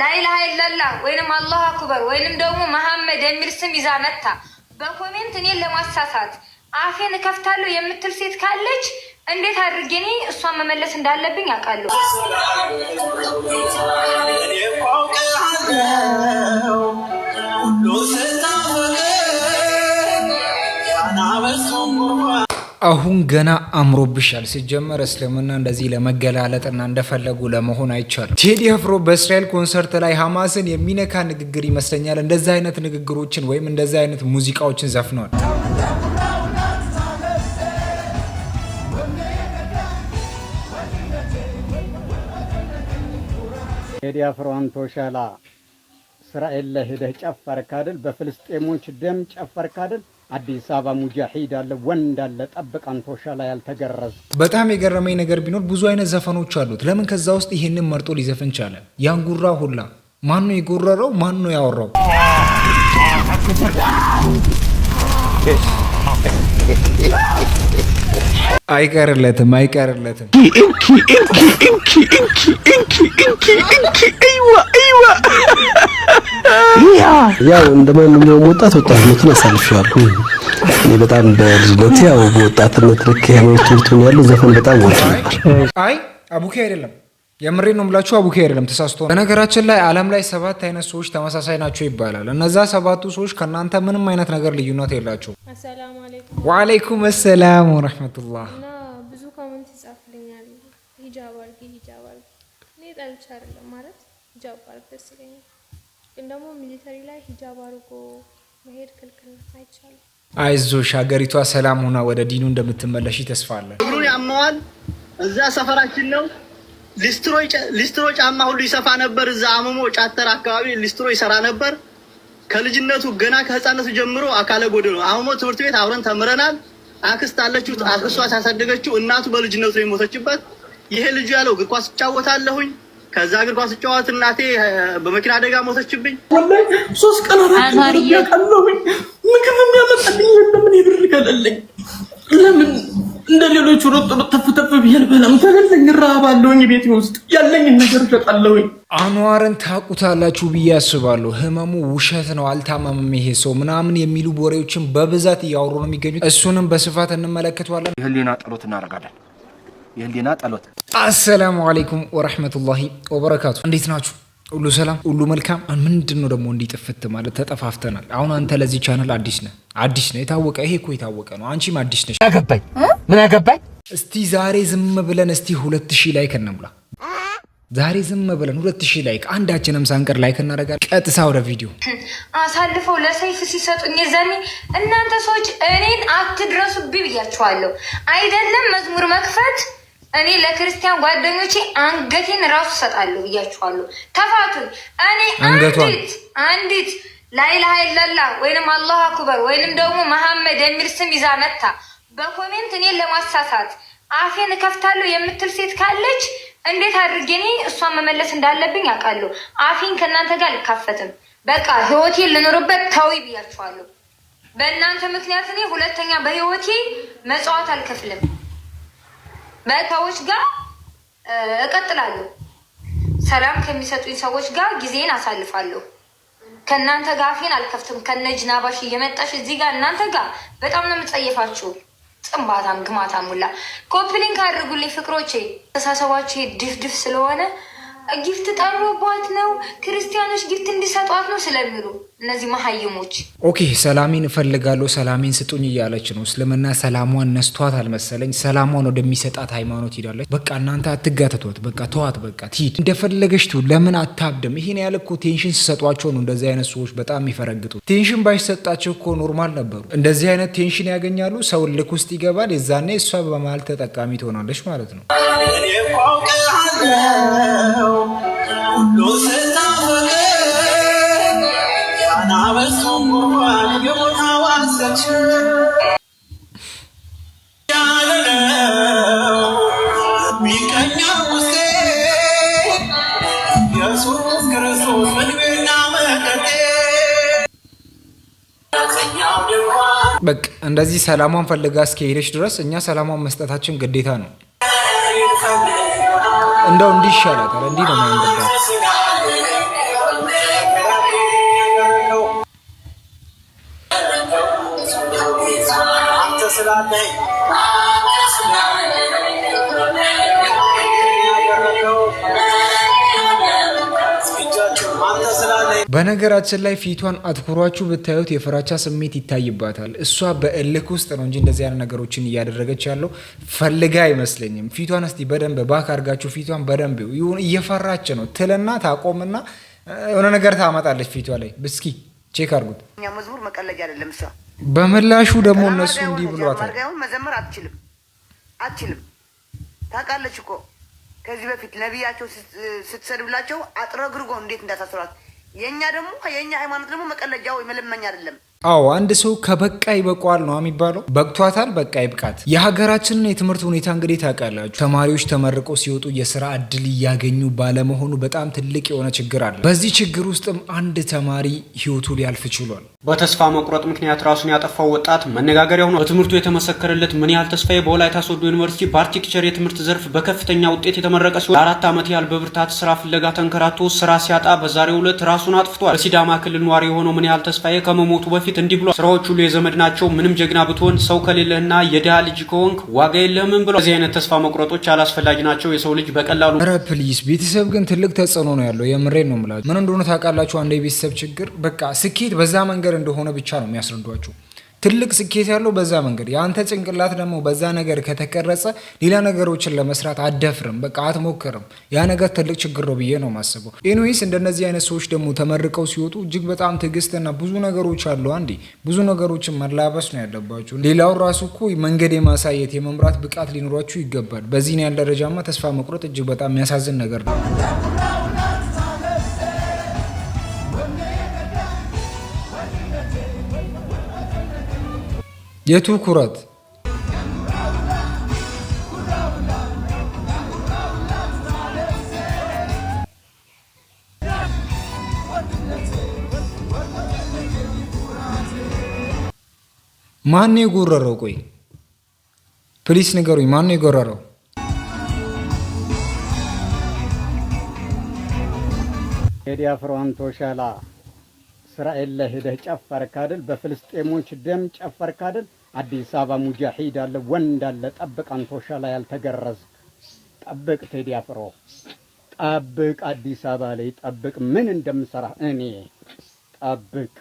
ላኢላሀ ኢለላህ ወይንም አላሁ አክበር ወይንም ደግሞ መሐመድ የሚል ስም ይዛ መታ በኮሜንት እኔን ለማሳሳት አፌን እከፍታለሁ የምትል ሴት ካለች እንዴት አድርጌ እኔ እሷን መመለስ እንዳለብኝ አውቃለሁ። ሁሉ አሁን ገና አምሮብሻል። ሲጀመር እስልምና እንደዚህ ለመገላለጥና እንደፈለጉ ለመሆን አይቻልም። ቴዲ አፍሮ በእስራኤል ኮንሰርት ላይ ሐማስን የሚነካ ንግግር ይመስለኛል እንደዚህ አይነት ንግግሮችን ወይም እንደዚህ አይነት ሙዚቃዎችን ዘፍነዋል። ቴዲ አፍሮ አንቶሻላ እስራኤል ለሂደህ ጨፈርክ አይደል? በፍልስጤሞች ደም ጨፈርክ አይደል? አዲስ አበባ ሙጃሂድ አለ ወንድ አለ ጠብቅ አንቶሻ ላይ ያልተገረዘ። በጣም የገረመኝ ነገር ቢኖር ብዙ አይነት ዘፈኖች አሉት። ለምን ከዛ ውስጥ ይሄንን መርጦ ሊዘፍን ቻለ? ያንጉራ ሁላ ማን ነው የጎረረው? ማን ነው ያወራው? አይቀርለትም አይቀርለትም። ያው እንደ ማንኛውም ወጣት ወጣትነቱን አሳልፌዋለሁ። እኔ በጣም በልጅነት ያው በወጣትነት ልክ ሃይማኖት ትምህርት ያለው ዘፈን በጣም ወድ ነበር። አይ አቡኪ አይደለም የምሬ ነው የምላችሁ፣ አቡኪ አይደለም ተሳስቶ። በነገራችን ላይ ዓለም ላይ ሰባት አይነት ሰዎች ተመሳሳይ ናቸው ይባላል። እነዛ ሰባቱ ሰዎች ከእናንተ ምንም አይነት ነገር ልዩነት የላቸው። ወአለይኩም ሰላም ወረህመቱላህ። ብዙ ኮመንት ይጻፍልኛል፣ ሂጃብ አድርጊ፣ ሂጃብ አድርጊ። እኔ ጠልቼ አይደለም ማለት ሂጃብ ደስ ይለኛል፣ ግን ደግሞ ሚሊተሪ ላይ ሂጃብ አድርጎ መሄድ ክልክል አይቻልም። አይዞሽ፣ ሀገሪቷ ሰላም ሆና ወደ ዲኑ እንደምትመለሽ ተስፋ አለን። እግሩን ያመዋል። እዛ ሰፈራችን ነው ሊስትሮ ጫማ ሁሉ ይሰፋ ነበር። እዛ አመሞ ጫተር አካባቢ ሊስትሮ ይሰራ ነበር። ከልጅነቱ ገና ከህፃነቱ ጀምሮ አካለ ጎደሎ ነው። አመሞ ትምህርት ቤት አብረን ተምረናል። አክስት አለችው፣ አክስቷ ያሳደገችው እናቱ በልጅነቱ ነው የሞተችበት። ይሄ ልጁ ያለው እግር ኳስ እጫወታለሁኝ ከዛ እግር ኳስ ጨዋት እናቴ በመኪና አደጋ ሞተችብኝ። ሶስት ቀን ምግብ የሚያመጣልኝ ለምን ይብርጋለልኝ ለምን እንደ ሌሎቹ ሮጥ ሮጥ ተፍ ተፍ ብዬ አልበላም። ተገለኝ እራባለሁኝ። ቤቴ ውስጥ ያለኝን ነገር እሸጣለሁኝ። አኗርን ታቁታላችሁ ብዬ አስባለሁ። ህመሙ ውሸት ነው፣ አልታመምም ይሄ ሰው ምናምን የሚሉ ወሬዎችን በብዛት እያወሩ ነው የሚገኙት። እሱንም በስፋት እንመለከተዋለን። የህሊና ጸሎት እናደርጋለን። የህሊና ጸሎት። አሰላሙ አለይኩም ወረህመቱላሂ ወበረካቱ። እንዴት ናችሁ? ሁሉ ሰላም፣ ሁሉ መልካም። ምንድን ነው ደግሞ እንዲጥፍት ማለት ተጠፋፍተናል። አሁን አንተ ለዚህ ቻናል አዲስ ነህ፣ አዲስ ነህ፣ የታወቀ ይሄ እኮ የታወቀ ነው። አንቺም አዲስ ነሽ። አገባኝ ምን አገባኝ። እስቲ ዛሬ ዝም ብለን እስቲ ሁለት ሺህ ላይክ እንሙላ። ዛሬ ዝም ብለን ሁለት ሺህ ላይክ አንዳችንም ሳንቀር ላይክ እናደርጋለን። ቀጥሳ ወደ ቪዲዮ አሳልፈው ለሰይፍ ሲሰጡኝ የዛኔ እናንተ ሰዎች እኔን አትድረሱብኝ ብያችኋለሁ አይደለም መዝሙር መክፈት እኔ ለክርስቲያን ጓደኞቼ አንገቴን ራሱ እሰጣለሁ ብያችኋለሁ። ተፋቱን። እኔ አንዲት አንዲት ላይላ ይለላ ወይንም አላሁ አክበር ወይንም ደግሞ መሐመድ የሚል ስም ይዛ መታ በኮሜንት እኔን ለማሳሳት አፌን እከፍታለሁ የምትል ሴት ካለች እንዴት አድርጌ እኔ እሷን መመለስ እንዳለብኝ አውቃለሁ። አፌን ከእናንተ ጋር አልካፈትም። በቃ ህይወቴ ልኖርበት ተዊ ብያችኋለሁ። በእናንተ ምክንያት እኔ ሁለተኛ በህይወቴ መጽዋት አልከፍልም። በእቃዎች ጋር እቀጥላለሁ። ሰላም ከሚሰጡኝ ሰዎች ጋር ጊዜን አሳልፋለሁ። ከእናንተ ጋር አፌን አልከፍትም። ከነጅናባሽ ጅናባሽ እየመጣሽ እዚህ ጋር እናንተ ጋር በጣም ነው የምጸየፋችሁ። ጥንባታም ግማታ ሙላ ኮፕሊን አድርጉልኝ ፍቅሮቼ። ተሳሰባችሁ ድፍድፍ ስለሆነ ጊፍት ጠሮባት ነው ክርስቲያኖች ጊፍት እንዲሰጧት ነው ስለሚሉ እነዚህ መሀይሞች ኦኬ፣ ሰላሜን እፈልጋለሁ ሰላሜን ስጡኝ እያለች ነው። እስልምና ሰላሟን ነስቷት አልመሰለኝ። ሰላሟን ወደሚሰጣት ሃይማኖት ሂዳለች። በቃ እናንተ አትጋተቷት፣ በቃ ተዋት፣ በቃ ትሂድ እንደፈለገች ለምን አታብድም? ይሄን ያህል እኮ ቴንሽን ስሰጧቸው ነው እንደዚህ አይነት ሰዎች በጣም የሚፈረግጡት። ቴንሽን ባይሰጣቸው እኮ ኖርማል ነበሩ። እንደዚህ አይነት ቴንሽን ያገኛሉ፣ ሰው ልክ ውስጥ ይገባል። የዛኔ እሷ በመሀል ተጠቃሚ ትሆናለች ማለት ነው። ሁሉ በቃ እንደዚህ ሰላሟን ፈልጋ እስከሄደች ድረስ እኛ ሰላሟን መስጠታችን ግዴታ ነው። እንደው እንዲህ ይሻላታል። እንዲህ ነው ስላለኝ በነገራችን ላይ ፊቷን አትኩሯችሁ ብታዩት የፍራቻ ስሜት ይታይባታል። እሷ በእልክ ውስጥ ነው እንጂ እንደዚህ አይነት ነገሮችን እያደረገች ያለው ፈልጋ አይመስለኝም። ፊቷን እስቲ በደንብ ባክ አድርጋችሁ ፊቷን በደንብ እየፈራች ነው ትልና ታቆምና የሆነ ነገር ታመጣለች ፊቷ ላይ። እስኪ ቼክ አድርጉት። መዝሙር መቀለጃ አይደለም እሷ በምላሹ ደግሞ እነሱ እንዲህ ብሏታል። መዘመር አትችልም አትችልም። ታውቃለች እኮ ከዚህ በፊት ነቢያቸው ስትሰድብላቸው አጥረግርጎ እንዴት እንዳሳስሯት። የእኛ ደግሞ የእኛ ሃይማኖት ደግሞ መቀለጃ ወይ መለመኛ አይደለም። አዎ አንድ ሰው ከበቃ ይበቋል ነው የሚባለው። በቅቷታል፣ በቃ ይብቃት። የሀገራችንን የትምህርት ሁኔታ እንግዲህ ታውቃላችሁ። ተማሪዎች ተመርቀው ሲወጡ የስራ እድል እያገኙ ባለመሆኑ በጣም ትልቅ የሆነ ችግር አለ። በዚህ ችግር ውስጥም አንድ ተማሪ ህይወቱ ሊያልፍ ችሏል። በተስፋ መቁረጥ ምክንያት ራሱን ያጠፋው ወጣት መነጋገሪያ ሆኗል። በትምህርቱ የተመሰከረለት ምን ያህል ተስፋዬ በወላይታ ሶዶ ዩኒቨርሲቲ በአርቲክቸር የትምህርት ዘርፍ በከፍተኛ ውጤት የተመረቀ ሲሆን ለአራት ዓመት ያህል በብርታት ስራ ፍለጋ ተንከራቶ ስራ ሲያጣ በዛሬው ዕለት ራሱን አጥፍቷል። በሲዳማ ክልል ኗሪ የሆነው ምን ያህል ተስፋዬ ከመሞቱ በፊት በፊት እንዲህ ብሎ ስራዎች ሁሉ የዘመድ ናቸው፣ ምንም ጀግና ብትሆን ሰው ከሌለህና የድሃ ልጅ ከሆንክ ዋጋ የለህምን ብሎ እዚህ አይነት ተስፋ መቁረጦች አላስፈላጊ ናቸው። የሰው ልጅ በቀላሉ ኧረ ቤተሰብ ግን ትልቅ ተጽዕኖ ነው ያለው። የምሬ ነው የምላችሁ። ምን እንደሆነ ታውቃላችሁ? አንድ የቤተሰብ ችግር በቃ ስኬት በዛ መንገድ እንደሆነ ብቻ ነው የሚያስረዷቸው። ትልቅ ስኬት ያለው በዛ መንገድ የአንተ ጭንቅላት ደግሞ በዛ ነገር ከተቀረጸ ሌላ ነገሮችን ለመስራት አደፍርም፣ በቃ አትሞክርም። ያ ነገር ትልቅ ችግር ነው ብዬ ነው የማስበው። ኤኒዌይስ እንደነዚህ አይነት ሰዎች ደግሞ ተመርቀው ሲወጡ እጅግ በጣም ትዕግስትና ብዙ ነገሮች አሉ። አንዴ ብዙ ነገሮችን መላበስ ነው ያለባችሁ። ሌላው ራሱ እኮ መንገድ የማሳየት የመምራት ብቃት ሊኖራችሁ ይገባል። በዚህን ያህል ደረጃማ ተስፋ መቁረጥ እጅግ በጣም የሚያሳዝን ነገር ነው። የቱ ኩራት? ማን የጎረረው? ቆይ ፕሊስ ንገሩኝ፣ ማን ነው የጎረረው? ቴዲ አፍሮን ቶሻላ እስራኤል ላይ ሄደህ ጨፈርክ አይደል? በፍልስጤሞች ደም ጨፈርክ አይደል? አዲስ አበባ ሙጃሂድ አለ ወንድ አለ ጠብቅ፣ አንቶሻ ላይ ያልተገረዝ ጠብቅ፣ ቴዲ አፍሮ ጠብቅ፣ አዲስ አበባ ላይ ጠብቅ፣ ምን እንደምሰራ እኔ ጠብቅ።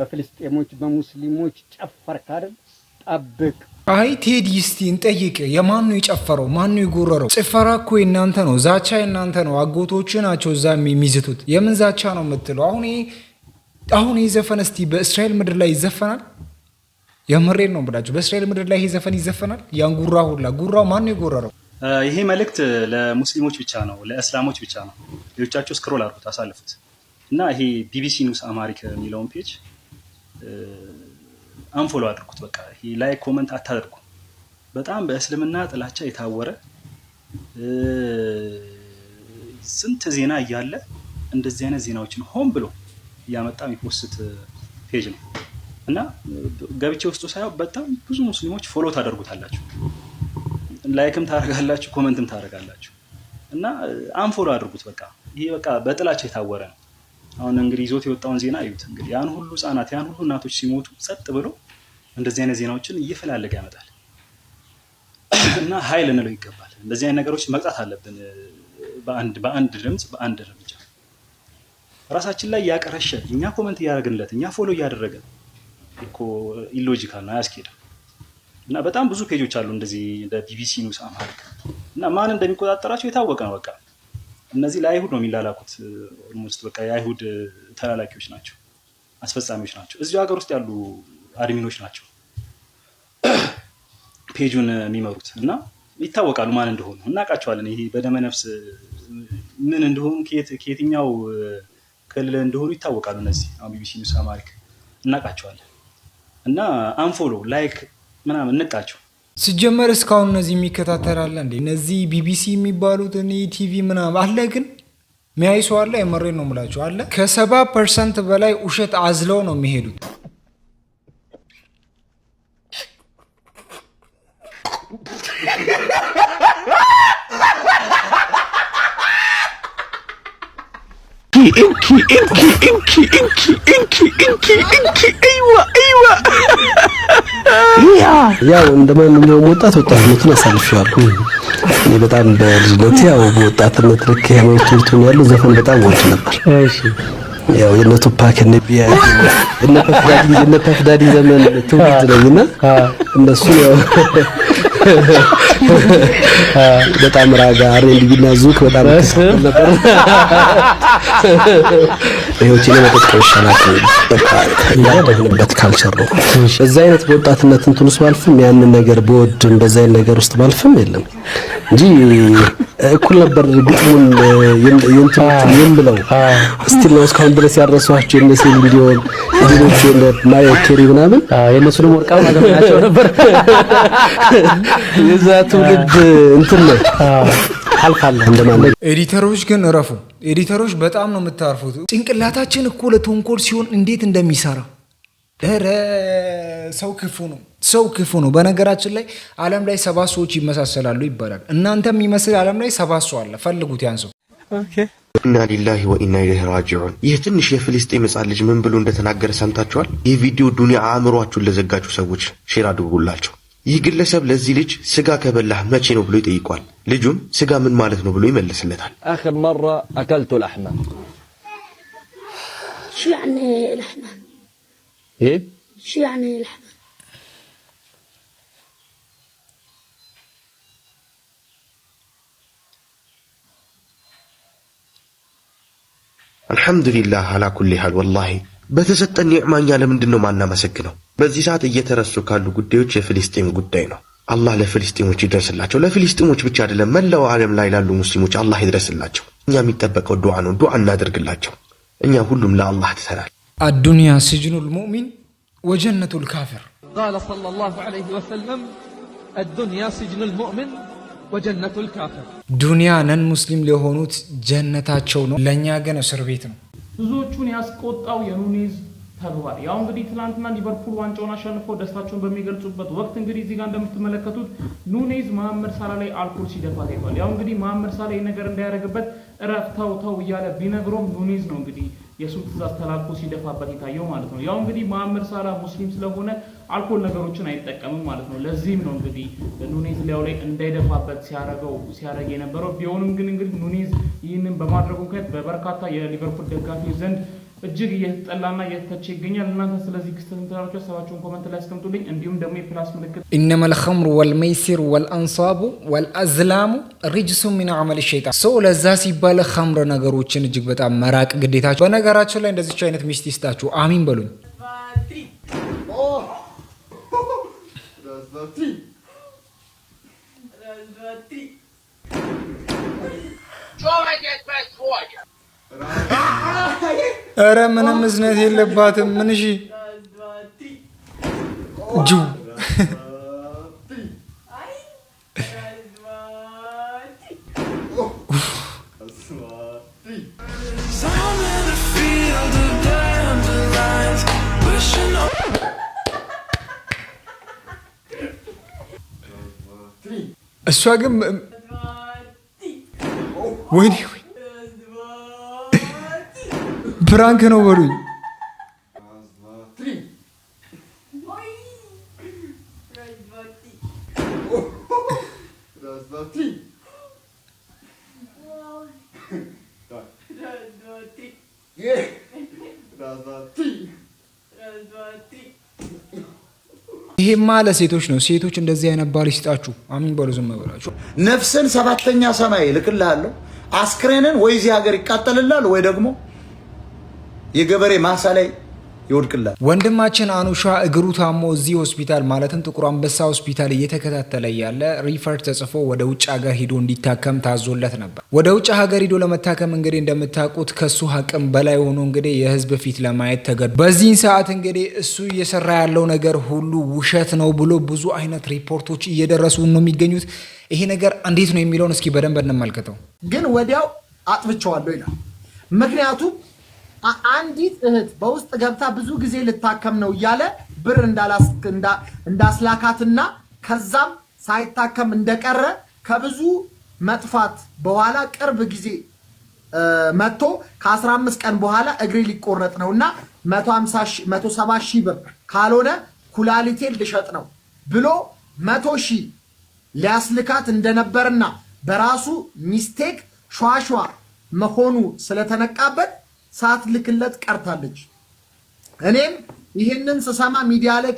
በፍልስጤሞች በሙስሊሞች ጨፈርክ አይደል? ጠብቅ። አይ ቴዲ እስቲ እንጠይቅ፣ የማን ነው የጨፈረው? ማን ነው የጎረረው? ጭፈራ እኮ የእናንተ ነው፣ ዛቻ የእናንተ ነው። አጎቶች ናቸው እዛ የሚዝቱት። የምን ዛቻ ነው የምትለው? አሁን አሁን ይህ እስቲ በእስራኤል ምድር ላይ ይዘፈናል? የምሬን ነው ብላችሁ በእስራኤል ምድር ላይ ይሄ ዘፈን ይዘፈናል? ያን ጉራ ሁላ ጉራው ማን ነው የጎረረው? ይሄ መልእክት ለሙስሊሞች ብቻ ነው፣ ለእስላሞች ብቻ ነው። ሌሎቻቸው ስክሮል አድርጉት፣ አሳልፉት እና ይሄ ቢቢሲ ኒውስ አማሪክ የሚለውን ፔጅ አንፎሎ አድርጉት። በቃ ይሄ ላይ ኮመንት አታደርጉ። በጣም በእስልምና ጥላቻ የታወረ ስንት ዜና እያለ እንደዚህ አይነት ዜናዎችን ሆን ብሎ እያመጣ የሚፖስት ፔጅ ነው። እና ገብቼ ውስጡ ሳየው በጣም ብዙ ሙስሊሞች ፎሎ ታደርጉታላችሁ፣ ላይክም ታደርጋላችሁ፣ ኮመንትም ታደርጋላችሁ። እና አንፎሎ አድርጉት። በቃ ይሄ በቃ በጥላቻ የታወረ ነው። አሁን እንግዲህ ይዞት የወጣውን ዜና እዩት። እንግዲህ ያን ሁሉ ህጻናት ያን ሁሉ እናቶች ሲሞቱ ጸጥ ብሎ እንደዚህ አይነት ዜናዎችን እየፈላለገ ያመጣል። እና ሀይል እንለው ይገባል። እንደዚህ አይነት ነገሮች መቅጣት አለብን። በአንድ በአንድ ድምፅ በአንድ እርምጃ ራሳችን ላይ ያቀረሸ እኛ ኮመንት እያደረግንለት እኛ ፎሎ እያደረገን እኮ ኢሎጂካል ነው፣ አያስኬድም። እና በጣም ብዙ ፔጆች አሉ እንደዚህ ለቢቢሲ ኒውስ አማሪክ እና ማን እንደሚቆጣጠራቸው የታወቀ ነው። በቃ እነዚህ ለአይሁድ ነው የሚላላኩት። ኦልሞስት በቃ የአይሁድ ተላላኪዎች ናቸው፣ አስፈጻሚዎች ናቸው። እዚሁ ሀገር ውስጥ ያሉ አድሚኖች ናቸው ፔጁን የሚመሩት እና ይታወቃሉ ማን እንደሆኑ እናውቃቸዋለን። ይሄ በደመነፍስ ምን እንደሆኑ ከየትኛው ክልል እንደሆኑ ይታወቃሉ። እነዚህ አሁን ቢቢሲ ኒውስ አማሪክ እናውቃቸዋለን። እና አንፎሎ ላይክ ምናምን እንጣቸው። ሲጀመር እስካሁን እነዚህ የሚከታተላለ እንዴ? እነዚህ ቢቢሲ የሚባሉት እኔ ቲቪ ምናምን አለ፣ ግን ሚያይ ሰው አለ። የመሬ ነው የምላቸው አለ። ከሰባ ፐርሰንት በላይ ውሸት አዝለው ነው የሚሄዱት። እንኪ እንኪ እንኪ እንኪ እንኪ እንኪ እንኪ አይዋ አይዋ። ያው እንደማንኛውም ወጣት ወጣትነቱን አሳልፌዋለሁ። እኔ በጣም በልጅነት ያው በወጣትነት ልክ የሃይማኖት ትምህርቱን ያለው ዘፈን በጣም ወድ ነበር። ያው የነ ቱፓክ እነ ቢያ እነ ፐፍዳዲ እነ ፐፍዳዲ ዘመን ትውልድ ነኝና እነሱ ያው በጣም ራጋ አሬ ቢና ዙክ በጣም ነበር በህይወቴ ላይ መጠጥ ከመሻላት እንዳደግንበት ካልቸር ነው። በዛ አይነት በወጣትነት እንትን ውስጥ ባልፍም ያንን ነገር በወድም በዛ አይነት ነገር ውስጥ ባልፍም የለም እንጂ እኩል ነበር ግጥሙን የእንትኑት የምለው ስቲል ነው እስካሁን ድረስ ያረሷቸው እነ ሴል ቪዲዮን ቪዲዮቹ እንደ ማሪያ ኬሪ ምናምን የእነሱ ደግሞ ወርቃው ማገናቸው ነበር የዛ ትውልድ እንትን ነው አልፋለሁ እንደማለት ኤዲተሮች ግን እረፉ። ኤዲተሮች በጣም ነው የምታርፉት። ጭንቅላታችን እኮ ለተንኮል ሲሆን እንዴት እንደሚሰራ ኧረ ሰው ክፉ ነው፣ ሰው ክፉ ነው። በነገራችን ላይ ዓለም ላይ ሰባት ሰዎች ይመሳሰላሉ ይባላል። እናንተ የሚመስል ዓለም ላይ ሰባት ሰው አለ። ፈልጉት ያን ሰው። ኢና ሊላሂ ወኢና ኢለይሂ ራጂዑን። ይህ ትንሽ የፍልስጤም ሕፃን ልጅ ምን ብሎ እንደተናገረ ሰምታችኋል? ይህ ቪዲዮ ዱኒያ አእምሯችሁን ለዘጋችሁ ሰዎች ሼር አድርጉላቸው። ይህ ግለሰብ ለዚህ ልጅ ስጋ ከበላህ መቼ ነው ብሎ ይጠይቋል። ልጁም ስጋ ምን ማለት ነው ብሎ ይመልስለታል። አኺር መራ አከልቱ ለሕመ አልሐምዱሊላህ አላ ኩሊ ሃል ወላሂ በተሰጠን ኒዕማ እኛ ለምንድን ነው ማናመሰግነው? በዚህ ሰዓት እየተረሱ ካሉ ጉዳዮች የፍልስጤም ጉዳይ ነው። አላህ ለፍልስጤሞች ይድረስላቸው። ለፍልስጤሞች ብቻ አይደለም፣ መላው ዓለም ላይ ላሉ ሙስሊሞች አላህ ይድረስላቸው። እኛ የሚጠበቀው ዱዓ ነው። ዱዓ እናደርግላቸው። እኛ ሁሉም ለአላህ ትሰራል። አዱንያ ስጅኑ ልሙእሚን ወጀነቱ ልካፊር ቃለ ሰለላሁ ዐለይሂ ወሰለም አዱንያ ስጅኑ ዱንያ ነን ሙስሊም ለሆኑት ጀነታቸው ነው፣ ለእኛ ግን እስር ቤት ነው። ብዙዎቹን ያስቆጣው የኑኔዝ ተግባር ያው እንግዲህ ትናንትና ሊቨርፑል ዋንጫውን አሸንፈው ደስታቸውን በሚገልጹበት ወቅት እንግዲህ እዚህ ጋር እንደምትመለከቱት ኑኔዝ መሐመድ ሳላ ላይ አልኮል ሲደፋ ታይቷል። ያው እንግዲህ መሐመድ ሳላ ይህ ነገር እንዳያደርግበት እረፍ ተው ተው እያለ ቢነግሮም ኑኔዝ ነው እንግዲህ የሱ ትዛዝ ተላልፎ ሲደፋበት የታየው ማለት ነው። ያው እንግዲህ መሐመድ ሳላ ሙስሊም ስለሆነ አልኮል ነገሮችን አይጠቀምም ማለት ነው። ለዚህም ነው እንግዲህ ኑኔዝ ሊያው ላይ እንዳይደፋበት ሲያረገው ሲያረግ የነበረው ቢሆንም ግን እንግዲህ ኑኔዝ ይህንን በማድረጉ ምክንያት በበርካታ የሊቨርፑል ደጋፊዎች ዘንድ እጅግ እየተጠላና እየተተቸ ይገኛል። እናንተ ስለዚህ ክስተት ምትላቸው ሰባቸውን ኮመንት ላይ አስቀምጡልኝ። እንዲሁም ደግሞ የፕላስ ምልክት ኢነመል ኸምሩ ወልመይሲር ወልአንሳቡ ወልአዝላሙ ሪጅሱ ሚን አመል ሸይጣን ሰው ለዛ ሲባል ኸምር ነገሮችን እጅግ በጣም መራቅ ግዴታቸው። በነገራችን ላይ እንደዚች አይነት ሚስት ይስጣችሁ፣ አሚን በሉኝ። два, три. Раз, два, три. ኧረ ምንም እዝነት የለባትም። ምን እሺ ጁ እሷ ግን ወይኔ፣ ፕራንክ ነው በሉኝ። ይሄማ ለሴቶች ነው። ሴቶች እንደዚህ አይነት ባል ይስጣችሁ። አሚን በሉ። ዝም ብላችሁ ነፍስን ሰባተኛ ሰማይ ልክልሃለሁ። አስክሬንን ወይ እዚህ ሀገር ይቃጠልላል ወይ ደግሞ የገበሬ ማሳ ላይ ይወድቅላል። ወንድማችን አኑሻ እግሩ ታሞ እዚህ ሆስፒታል ማለትም ጥቁር አንበሳ ሆስፒታል እየተከታተለ ያለ ሪፈር ተጽፎ ወደ ውጭ ሀገር ሂዶ እንዲታከም ታዞለት ነበር። ወደ ውጭ ሀገር ሂዶ ለመታከም እንግዲህ እንደምታውቁት ከሱ አቅም በላይ ሆኖ እንግዲህ የህዝብ ፊት ለማየት ተገዱ። በዚህን ሰዓት እንግዲህ እሱ እየሰራ ያለው ነገር ሁሉ ውሸት ነው ብሎ ብዙ አይነት ሪፖርቶች እየደረሱ ነው የሚገኙት። ይሄ ነገር እንዴት ነው የሚለውን እስኪ በደንብ እንመልከተው። ግን ወዲያው አጥብቸዋለሁ ይላል ምክንያቱም አንዲት እህት በውስጥ ገብታ ብዙ ጊዜ ልታከም ነው እያለ ብር እንዳስላካትና ከዛም ሳይታከም እንደቀረ ከብዙ መጥፋት በኋላ ቅርብ ጊዜ መጥቶ ከ15 ቀን በኋላ እግሬ ሊቆረጥ ነው እና 170 ሺህ ብር ካልሆነ ኩላሊቴን ልሸጥ ነው ብሎ መቶ ሺህ ሊያስልካት እንደነበርና በራሱ ሚስቴክ ሸዋሸዋ መሆኑ ስለተነቃበት ሳትልክለት ቀርታለች። እኔም ይህንን ስሰማ ሚዲያ ላይ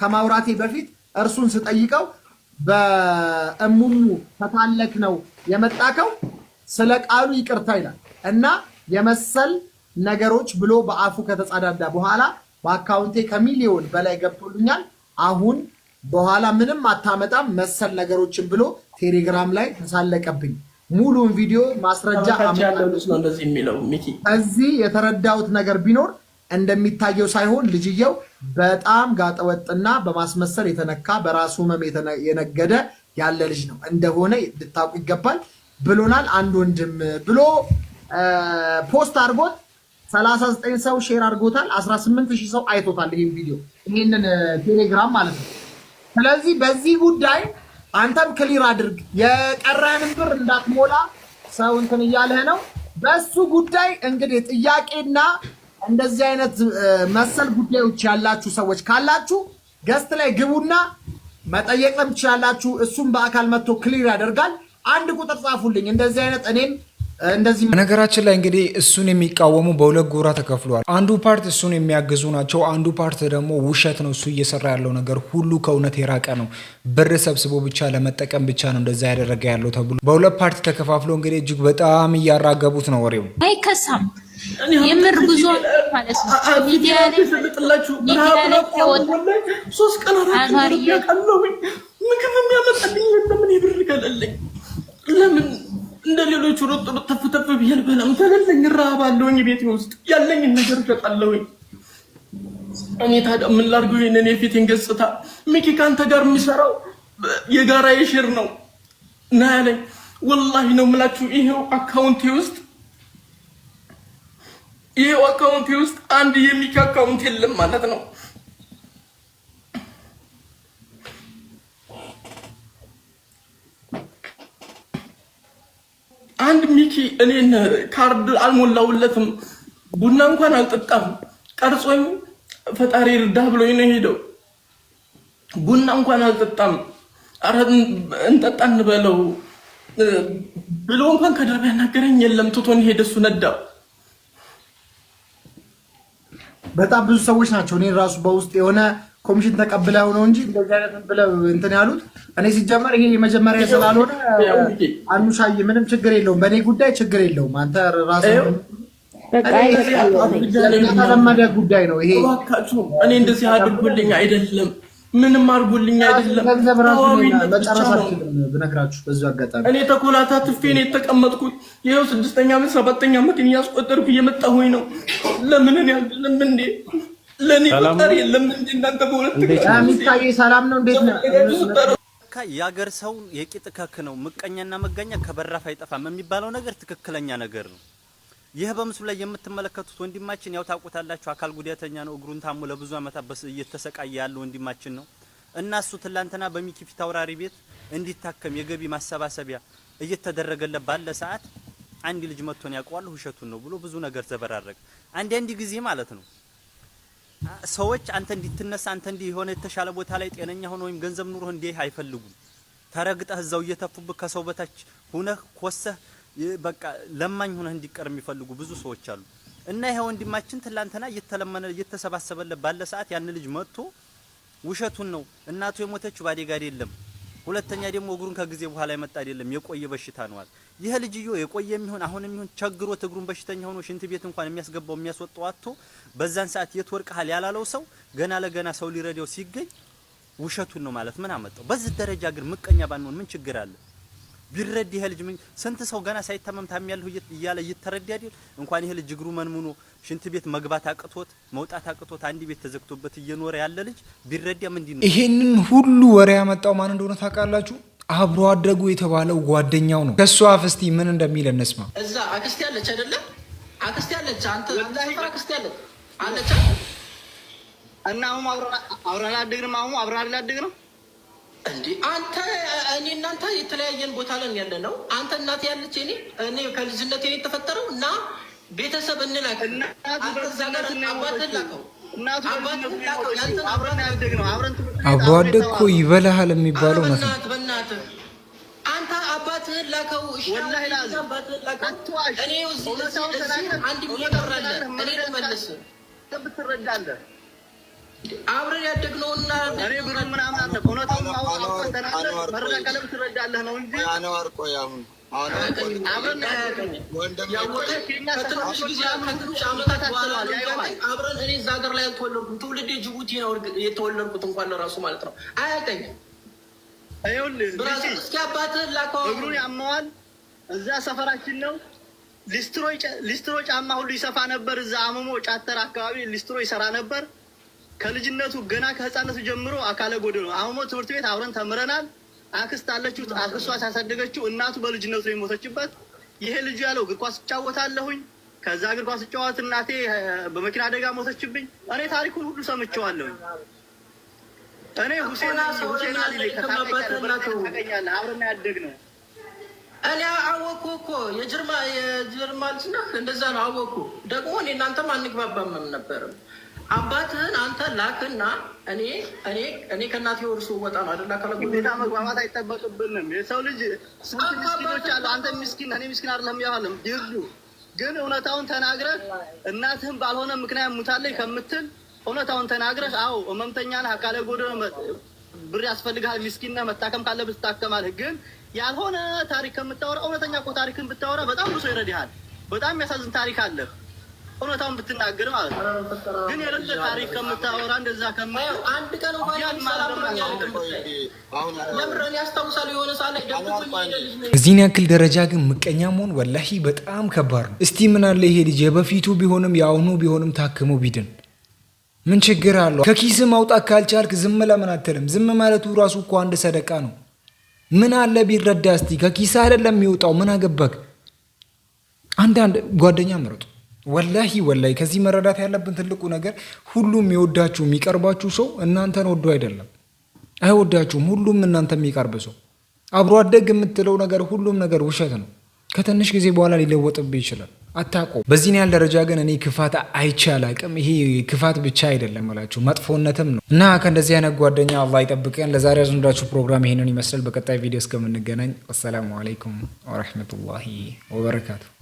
ከማውራቴ በፊት እርሱን ስጠይቀው በእሙሙ ተታለክ ነው የመጣከው ስለ ቃሉ ይቅርታ ይላል እና የመሰል ነገሮች ብሎ በአፉ ከተጸዳዳ በኋላ በአካውንቴ ከሚሊዮን በላይ ገብቶልኛል። አሁን በኋላ ምንም አታመጣም መሰል ነገሮችን ብሎ ቴሌግራም ላይ ተሳለቀብኝ። ሙሉን ቪዲዮ ማስረጃ እዚህ የተረዳሁት ነገር ቢኖር እንደሚታየው ሳይሆን ልጅየው በጣም ጋጠወጥና በማስመሰል የተነካ በራሱ ህመም የነገደ ያለ ልጅ ነው እንደሆነ ልታውቁ ይገባል ብሎናል። አንድ ወንድም ብሎ ፖስት አድርጎት 39 ሰው ሼር አድርጎታል። 18 ሺህ ሰው አይቶታል ይህን ቪዲዮ ይህንን ቴሌግራም ማለት ነው። ስለዚህ በዚህ ጉዳይ አንተም ክሊር አድርግ። የቀረህንም ብር እንዳትሞላ ሰው እንትን እያለህ ነው። በሱ ጉዳይ እንግዲህ ጥያቄና እንደዚህ አይነት መሰል ጉዳዮች ያላችሁ ሰዎች ካላችሁ ገስት ላይ ግቡና መጠየቅም ትችላላችሁ። እሱም በአካል መጥቶ ክሊር ያደርጋል። አንድ ቁጥር ጻፉልኝ። እንደዚህ አይነት እኔም እንደዚህ ነገራችን ላይ እንግዲህ እሱን የሚቃወሙ በሁለት ጎራ ተከፍሏል። አንዱ ፓርት እሱን የሚያግዙ ናቸው። አንዱ ፓርት ደግሞ ውሸት ነው፣ እሱ እየሰራ ያለው ነገር ሁሉ ከእውነት የራቀ ነው፣ ብር ሰብስቦ ብቻ ለመጠቀም ብቻ ነው እንደዛ ያደረገ ያለው ተብሎ በሁለት ፓርት ተከፋፍሎ እንግዲህ እጅግ በጣም እያራገቡት ነው ወሬው። አይከሳም የምር ጉዞ ማለት ነው። ሚዲያ ላይ ሶስት ምግብ የሚያመጣልኝ ለምን የብር ለምን እንደ ሌሎች ሮጥ ሮጥ ተፍ ተፍ ብዬ በላም ተለለኝ፣ እራባለሁኝ። ቤት ውስጥ ያለኝን ነገር እሸጣለሁኝ። እኔ ታዲያ ምን ላድርገው? ይሄንን የፊቴን ገጽታ ሚኪ ከአንተ ጋር የሚሰራው የጋራ የሼር ነው ና ያለኝ። ወላሂ ነው የምላችሁ ይሄው አካውንቴ ውስጥ ይሄው አካውንቴ ውስጥ አንድ የሚኪ አካውንት የለም ማለት ነው። አንድ ሚኪ እኔን ካርድ አልሞላውለትም፣ ቡና እንኳን አልጠጣም። ቀርጾኝ ፈጣሪ እርዳ ብሎኝ ነው ሄደው። ቡና እንኳን አልጠጣም። ኧረ እንጠጣ እንበለው ብሎ እንኳን ከደርብ ያናገረኝ የለም። ትቶን ሄደ። እሱ ነዳው። በጣም ብዙ ሰዎች ናቸው። እኔ ራሱ በውስጥ የሆነ ኮሚሽን ተቀብለው ነው እንጂ ብለው እንትን ያሉት። እኔ ሲጀመር ይሄ የመጀመሪያ ስላልሆነ አኑሻይ ምንም ችግር የለውም፣ በእኔ ጉዳይ ችግር የለውም። አንተ ራስህ የተለመደ ጉዳይ ነው ይሄ። እኔ እንደዚህ አድርጉልኝ አይደለም ምንም አድርጉልኝ አይደለም። መጨረስ አልችልም ብነግራችሁ በዚሁ አጋጣሚ እኔ ተኮላታትፌ ነው የተቀመጥኩት። ይኸው ስድስተኛ ዓመት ሰባተኛ ዓመት እያስቆጠርኩ እየመጣሁኝ ነው። ለምንን እኔ እንዴ የአገር ሰውን የቂጥ ከክ ነው። ምቀኛና መጋኛ ከበራፍ አይጠፋም የሚባለው ነገር ትክክለኛ ነገር ነው። ይህ በምስሉ ላይ የምትመለከቱት ወንድማችን ያው ታውቁታላችሁ፣ አካል ጉዳተኛ ነው። እግሩን ታሞ ለብዙ ዓመታት እየተሰቃየ ያለ ወንድማችን ነው እና እሱ ትላንትና በሚኪ ፊት አውራሪ ቤት እንዲታከም የገቢ ማሰባሰቢያ እየተደረገለት ባለ ሰዓት አንድ ልጅ መጥቶን ያውቀዋል ውሸቱን ነው ብሎ ብዙ ነገር ዘበራረቀ። አንድ አንድ ጊዜ ማለት ነው ሰዎች አንተ እንዲትነሳ አንተ እንዲህ የሆነ የተሻለ ቦታ ላይ ጤነኛ ሆነ ወይም ገንዘብ ኑሮ እንዲህ አይፈልጉም። ተረግጠህ እዛው እየተፉብህ ከሰው በታች ሁነህ ኮሰህ በቃ ለማኝ ሁነህ እንዲቀር የሚፈልጉ ብዙ ሰዎች አሉ። እና ይሄ ወንድማችን ትላንትና እየተለመነ እየተሰባሰበለ ባለ ሰዓት ያን ልጅ መጥቶ ውሸቱን ነው እናቱ የሞተችው ባዴ ጋር የለም ሁለተኛ ደግሞ እግሩን ከጊዜ በኋላ የመጣ አይደለም የቆየ በሽታ ነው ይሄ ልጅዮ የቆየ የሚሆን አሁንም ይሁን ቸግሮት እግሩን በሽተኛ ሆኖ ሽንት ቤት እንኳን የሚያስገባው የሚያስወጣው አጥቶ በዛን ሰዓት የት ወርቀሃል ያላለው ሰው ገና ለገና ሰው ሊረዳው ሲገኝ ውሸቱን ነው ማለት ምን አመጣው? በዚህ ደረጃ ግን ምቀኛ ባንሆን ምን ችግር አለ? ቢረድ ይሄ ልጅ ምን ስንት ሰው ገና ሳይታመም ታሚያለሁ እያለ እየተረዳ አይደል? እንኳን ይሄ ልጅ እግሩ መንሙኖ ሽንት ቤት መግባት አቅቶት መውጣት አቅቶት አንድ ቤት ተዘግቶበት እየኖረ ያለ ልጅ ቢረዳ ምንድን ነው? ይሄንን ሁሉ ወሬ ያመጣው ማን እንደሆነ ታውቃላችሁ? አብሮ አደጉ የተባለው ጓደኛው ነው። ከእሱ አፍ እስቲ ምን እንደሚል እንስማ። እዛ አክስቴ አለች አይደለ? አክስቴ አለች፣ አንተ አክስቴ አለች አለች እና አሁን አብረን አደግንም አሁን አብረን አደግ ነው እንዴ አንተ እኔ እናንተ የተለያየን ቦታ ላይ ያለ ነው። አንተ እናት ያለች እኔ እኔ ከልጅነት እኔ የተፈጠረው እና ቤተሰብ እንላከው አንተ አደግ እኮ ይበላሃል የሚባለው ነው። በእናትህ አንተ አባትህን ላከው እኔ አብረን ያደግነውና እኔ ብሩ ምናምን አለ እውነታውን ማወቅ ተናለ መረዳ ቀለም ትረዳለህ ነው እንጂ ቆይ አሁን አብረን እኔ እዛ ሀገር ላይ አልተወለድኩም። ጅቡቲ ነው የተወለድኩት እንኳን ለራሱ ማለት ነው። አያውቀኝም። እስኪ አባትህን ላከው። እግሩን ያመዋል። እዛ ሰፈራችን ነው። ሊስትሮ ጫማ ሁሉ ይሰፋ ነበር። እዛ አመሞ ጫተር አካባቢ ሊስትሮ ይሰራ ነበር። ከልጅነቱ ገና ከህፃነቱ ጀምሮ አካለ ጎደሎ ነው። አሁን ትምህርት ቤት አብረን ተምረናል። አክስት አለችው፣ አክሷ ያሳደገችው እናቱ በልጅነቱ የሞተችበት። ይሄ ልጁ ያለው እግር ኳስ እጫወታለሁኝ፣ ከዛ እግር ኳስ እጫወት እናቴ በመኪና አደጋ ሞተችብኝ። እኔ ታሪኩን ሁሉ ሰምቼዋለሁኝ። እኔ ሁሴን ሁሴን ታገኛለህ፣ አብረን ያደግ ነው። እኔ አወኩ እኮ የጀርማ የጀርማ ልጅ ነህ፣ እንደዛ ነው አወኩ። ደግሞ እኔ እናንተም አንግባባምም ነበርም አባትህን አንተ ላክና እኔ እኔ እኔ ከእናቴ ወርሶ ወጣ ነው አይደል? አካለ ሁኔታ መግባባት አይጠበቅብንም። የሰው ልጅ ስንት ምስኪኖች አሉ። አንተ ምስኪን እኔ ምስኪን አይደለም ያለም ይሉ ግን እውነታውን ተናግረህ እናትህም ባልሆነ ምክንያት ሙታለች ከምትል እውነታውን ተናግረህ አዎ ህመምተኛን አካለ ጎደሎ ብር ያስፈልግሃል፣ ነህ፣ መታከም ካለብህ ትታከማለህ። ግን ያልሆነ ታሪክ ከምታወራ እውነተኛ እኮ ታሪክን ብታወራ በጣም ብዙ ይረዳሃል። በጣም የሚያሳዝን ታሪክ አለህ። እውነታውን ብትናገር ማለት ነው። ግን የሌለ ታሪክ ከምታወራ እንደዛ አንድ ቀን ያስታውሳሉ የሆነ እዚህን ያክል ደረጃ ግን ምቀኛ መሆን ወላሂ በጣም ከባድ ነው። እስቲ ምን አለ ይሄ ልጅ የበፊቱ ቢሆንም የአሁኑ ቢሆንም ታክሞ ቢድን ምን ችግር አለው? ከኪስ ማውጣት ካልቻልክ ዝም ለምን አትልም? ዝም ማለቱ ራሱ እኮ አንድ ሰደቃ ነው። ምን አለ ቢረዳ እስቲ ከኪስ አይደለም የሚወጣው ምን አገባክ? አንዳንድ ጓደኛ ምረጡ ወላሂ ወላሂ ከዚህ መረዳት ያለብን ትልቁ ነገር ሁሉም የሚወዳችሁ የሚቀርባችሁ ሰው እናንተን ወዶ አይደለም፣ አይወዳችሁም። ሁሉም እናንተ የሚቀርብ ሰው አብሮ አደግ የምትለው ነገር ሁሉም ነገር ውሸት ነው። ከትንሽ ጊዜ በኋላ ሊለወጥብህ ይችላል፣ አታቆ በዚህን ያህል ደረጃ ግን እኔ ክፋት አይቼ ይሄ ክፋት ብቻ አይደለም እላችሁ መጥፎነትም ነው። እና ከእንደዚህ አይነት ጓደኛ አላህ ይጠብቀን። ለዛሬ ያዘንዳችሁ ፕሮግራም ይሄንን ይመስላል። በቀጣይ ቪዲዮ እስከምንገናኝ አሰላሙ አለይኩም ወረህመቱላሂ ወበረካቱ።